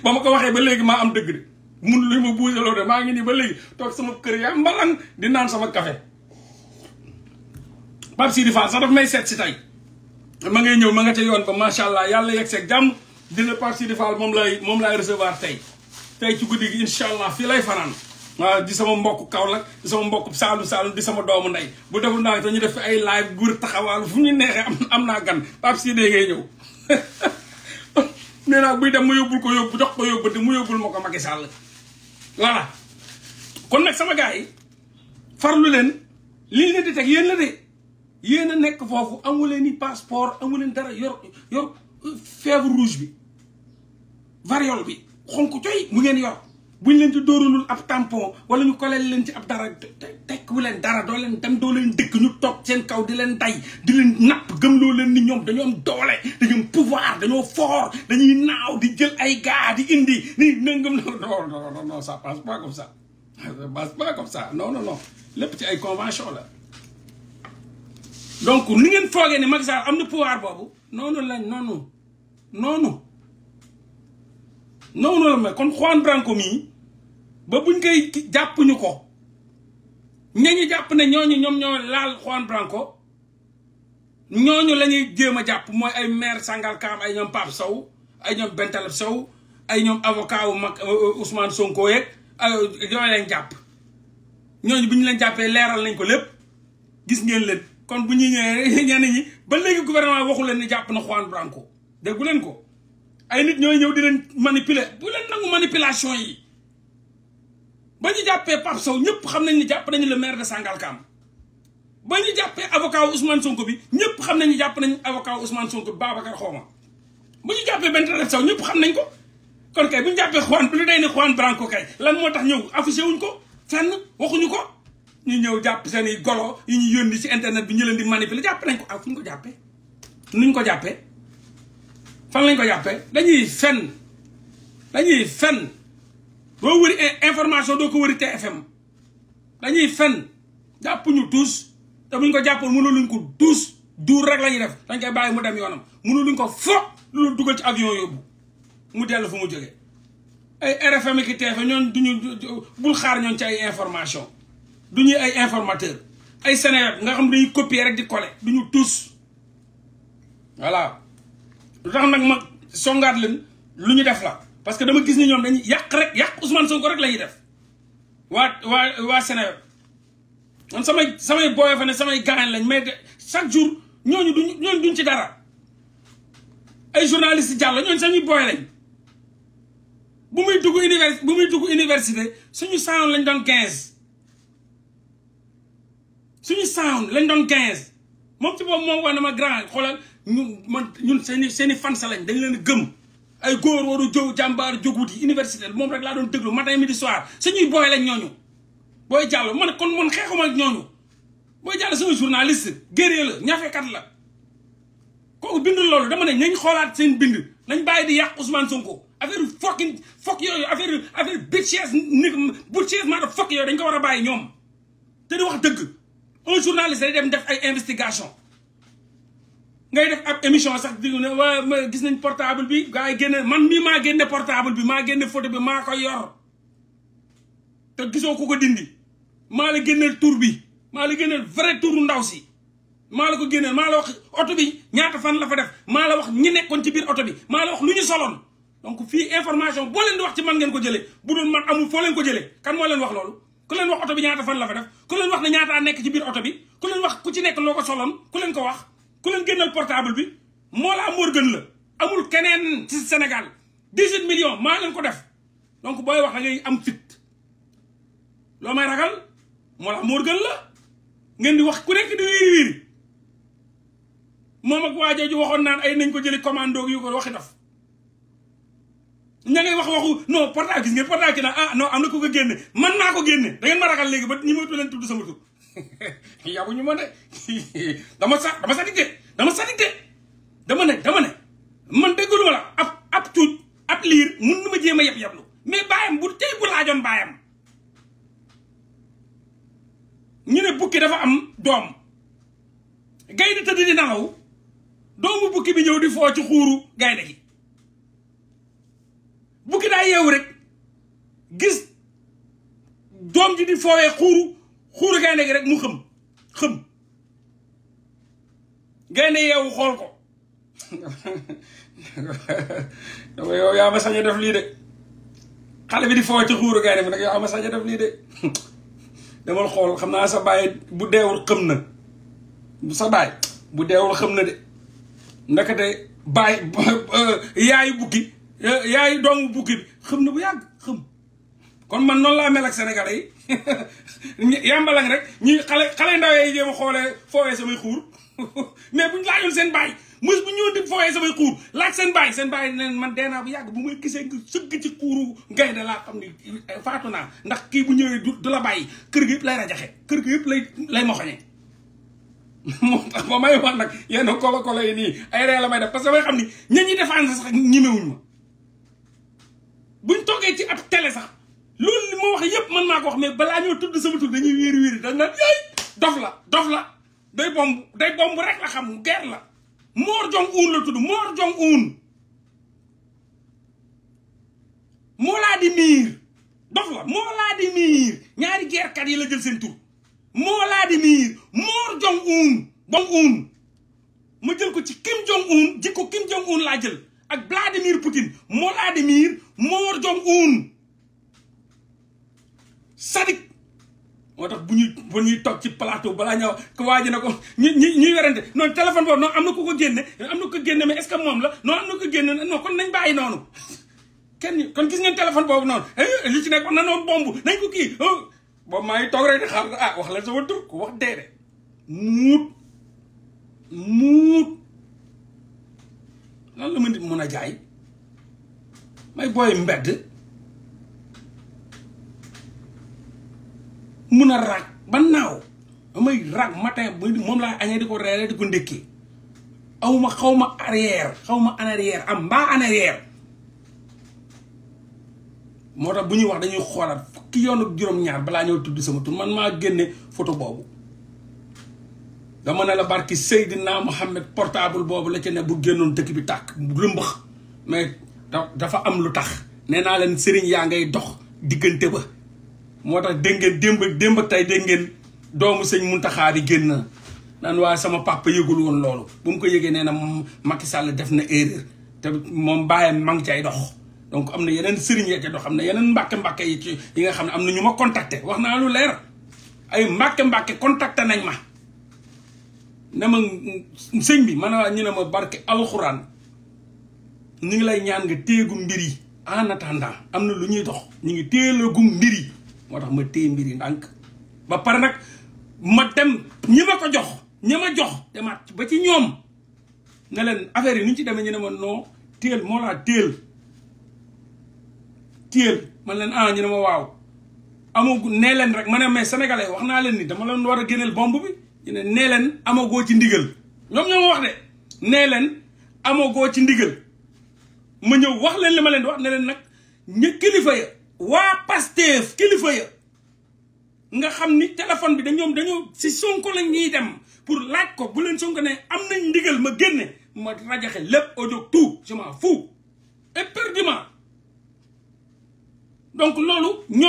ba ma ko waxee ba léegi maa am dëgg de mun lu ma buusaloo de maa ngi nii ba léegi toog sama kër yaa mbalang di naan sama café Pape Sidi Fall sa daf may seet si tey ma ngay ñëw ma nga te yoon ba macha allah yàlla yegg seeg jàmm di dina Pape Sidi Fall moom lay moom laay recevoir tey tey ci guddi gi incha allah fii lay fanaan waaw di sama mbokk Kaolack di sama mbokk Saalum Saalum di sama doomu ndey bu defu naa te ñu def fi ay live gur taxawaalu fu ñu neexee am naa gan Pape Sidi nee naa buy dem ma yóbbul ko yóbbu jox ko yóbbu te mu yóbbul ma ko Macky Sall voilà kon nag sama gars yi farlu leen li la di teg yéen la de yéen a nekk foofu amu leen ni passeport amu leen dara yor yor euh, fièvre rouge bi variole bi xonk coy mu ngeen yor buñ leen ci dóoralul ab tampon wala ñu koleel leen ci ab dara tekku leen dara dooleen leen dem doo dëkk ñu toog seen kaw di leen day di leen napp gëmloo leen ni ñoom dañoo am doole dañoo am pouvoir dañoo fort dañuy naaw di jël ay gaa di indi ni nangam non non non ça passe pas comme ça ça passe pas comme lépp ci ay convention la donc ni ngeen foogee ne Macky Sall am na pouvoir boobu noonu leen noonu noonu non non mais kon Juan Branco mii ba buñ koy jàpp ñu ko ñañu jàpp ne ñooñu ñoom ñoo laal Juan Branco ñooñu la ñuy jéem a jàpp mooy ay maire Sangalkam ay ñoom Pape Sow ay ñoom Bentaleb Sow ay ñoom avocat wu mag euh, euh, Ousmane Sonko yeeg yooyu leen jàpp ñooñu bu ñu leen jàppee leeral nañ ko lépp gis ngeen leen kon bu ñuy ñëwee ñenn ñi ba léegi gouvernement waxu leen ni jàpp na Juan Branco déggu leen ko. ay nit ñooy ñëw di leen manipuler bu leen nangu manipulation yi ba ñu jàppee Pape Sow ñëpp xam nañ ni jàpp nañu le maire de Sangalkam ba ñu jàppee avocat Ousmane Sonko bi ñëpp xam nañu jàpp nañ avocat Ousmane Sonko bi Babacar Xoma bu ñu jàppee Benteleb Sow ñëpp xam nañ ko kon kay bu ñu jàppee Juan lu day ne Juan Branco kay lan moo tax ñëw affiché wuñ ko fenn waxuñu ko ñu ñëw jàpp seen i golo yi ñu yónni si internet bi ñu leen di manipuler jàpp nañ ko ak ah, fu ñu ko jàppee nuñ ko jàppee. fan lañu ko jàppee dañuy fen dañuy fen doo wëri information doo ko wëri TFM dañuy fen jàppuñu tous te buñ ko jàppoon mënu luñ ko tous duur rek la def dañ koy bàyyi mu dem yoonam mënu luñ ko fo lu dugal ci avion yóbbu mu dellu fu mu jógee ay RFM ki TFM ñoon du bul xaar ñoon ci ay information duñuy ay informateur ay Sénégal nga xam dañuy copier rek di coller duñu tous voilà lu tax nag ma songaat leen lu ñu def la parce que dama gis ni ñoom dañuy yàq rek yàq Ousmane Sonko rek la ñuy def waa waa waa Sénégal man samay samay booyoo fa ne samay gaañ lañ mais chaque jour ñooñu duñ ñooñu duñ ci dara ay journalistes jàll ñooñu sax ñuy booy lañ bu muy dugg univers suñu sound lañ doon 15 suñu sound lañ doon 15 moom ci boobu moom wax na ma grand xoolal. ñun man ñun seen i seen i dañ leen gëm ay góor waru jow jàmbaar jóguti université moom rek laa doon déglu matin midi soir suñuy booy lañ ñooñu booy jàll man kon man xeexuma ak ñooñu booy jàll sama journaliste guerrier la ñaafekat la kooku bind loolu dama ne nañ xoolaat seen bind nañ bàyyi di yàq Ousmane ko affaire fucking fuck yooyu affaire affaire bitches ni bitches maanaam fuck yooyu dañ ko war a bàyyi ñoom te di wax dëgg un journaliste day def ay investigation ngay def ak émission sax di ne waa gis nañ portable bi gars génne man mii maa génne portable bi maa génne photo bi maa ko yor te gisoo ko ko dindi maa la génneel tur bi maa la génneel vrai turu ndaw si maa la ko génneel maa la wax oto bi ñaata fan la fa def maa la wax ñi nekkoon ci biir oto bi maa la wax lu ñu soloon donc fii information boo leen di wax ci ko jëlee bu doon man amul foo leen ko jëlee kan moo leen wax loolu ku leen wax oto bi ñaata fan la fa def ku leen wax ne ñaata nekk ci biir oto bi ku leen wax ku ci nekk loo ko soloon ku leen ko wax ku leen génnal portable bi Mollah Morgun la amul keneen ci Sénégal dix-huit millions maa leen ko def donc booy wax da am fit loo may ragal Mollah Morgun la ngeen di wax ku nekk di wiiri wiiri moom ak waa waxoon naan ay nañ ko jëli commando yu ko waxi daf ña ngay wax waxu non portable gis ngeen portable ki naan ah non am na ku ko génne man naa ko génne da ngeen ma ragal léegi ba ñi ma leen tudd sama tur ñu ma de dama sax dama sax de dama sax de dama ne dama ne man déglu ma la ab ab tuut ab liir mun na ma jéem a yab yablu mais baayam bu tey bu laajoon baayam ñu ne bukki dafa am doom gaynde tëdd di nalaw doomu bukki bi ñëw di foo ci xuuru gaynde gi bukki daa yeewu rek gis doom ji di foowee xuuru xuuru gaynde gi rek mu xëm xëm gaynde yeewu xool ko dama yow sañ a def lii de xale bi di foo ci xuuru sañ a def lii de demal xool xam naa sa baay bu xëm na sa baay xam na de ndakate baay yaayu bukki yaayu doomu bukki bi xëm na bu yàgg xëm kon man noonu laa mel ak sénégalais yi yàmbalang rek ñuy xale xale ndaw yi jéem a xoolee foowee samay xuur mais buñ laajoon seen bu ñëwoon di foowee samay xuur laaj seen baay seen baay ne man dee naa bu yàgg bu may gisee nga sëgg ci xuuru gaynde laa xam ni eh, faatu naa ndax kii bu ñëwee du la bàyyi kër gi yëpp lay rajaxe kër gi yëpp lay lay moxoñee moo tax ba may wax nag yenn kolo kolo yi nii ay ree la may def parce que may xam ni ña ñi défendre sax ñemewuñ ma buñ toggee ci ab télé wax yëpp mën naa ko wax mais balaa ñoo tudd sama tur dañuy wéeri wéeri dañ naan dof la dof la day bomb day bomb rek la xam guerre la la tudd Moor Jong Un Vladimir dof yi la jël seen tur ko ci Kim Jong Un jikko Kim Jong Un laa jël ak Vladimir Poutine Vladimir Moor Jong Un sadique moo tax bu ñuy bu ñuy toog ci plateau balaa ñëw ko waa ji na ko ñu ñu ñuy werante noonu téléphone boobu noonu am na ku ko génne am na ko génne mais est-ce que moom la non am na ko génne non kon nañ bàyyi noonu kenn kon gis ngeen téléphone boobu noonu eh, li ci nekk am na noonu bomb nañ ko kii oh. boobu maa ngi toog rek di xaar ah wax la sama tur ku wax dee de muut muut lan la ma nit mën a jaay may booy mbedd mun a raag ba naaw damay raag matin moom laa añee di ko reere di ko ndékkee awma xaw ma arrière xaw ma en am mbaa en arrière moo tax bu ñuy wax dañuy xoolaat fukki yoon juróom-ñaar balaa ñëw tudd sama tur man maa génne photo boobu dama ne la barki Seydina Mohamed portable boobu la ci ne bu génnoon dëkk bi tàkk lumbax mais dafa am lu tax nee naa leen sëriñ yaa ngay dox diggante ba moo tax dégg ngeen démb démb ak tey dégg ngeen doomu sëñ Muntaxa bi génn na naan waaye sama papa yëgul woon loolu bu mu ko yëgee nee na Macky Sall def na erreur te moom bàyyam ma ngi cay dox donc am na yeneen sëriñ ya ca dox yeneen mbàkke mbàkke yi ci yi nga xam ne am na ñu ma contacté wax naa lu leer ay mbàkke mbàkke contacté nañ ma ne sëñ bi man ñu ne ma barke alxuraan ñu ngi lay ñaan nga téegum mbir yi en attendant am na lu ñuy dox ñu ngi téelagum mbir yi moo tax ma téye mbir ndànk ba pare nag ma dem ñi ko jox ñi ma jox demaat ba ci ñoom ne leen affaire yi ñu ci deme ñu ne ma non téel moo laa téel téel man leen ah ñu ne ma waaw amagu leen rek ma ne mais wax naa leen ni dama leen war a génneel bomb bi ñu ne nee ci ndigal ñoom ñoo ma wax de nee leen amagoo ci ndigal ma ñëw wax leen li ma leen di wax ne leen nag ña kilifa ya waa Pastef kilifa ya nga xam ni téléphone bi da ñoom dañoo si Sonko lañ ñuy dem pour laaj ko bu leen Sonko ne am nañ ndigal ma génne ma rajaxe lépp audio tout je m'en fous éperdument donc loolu ñoom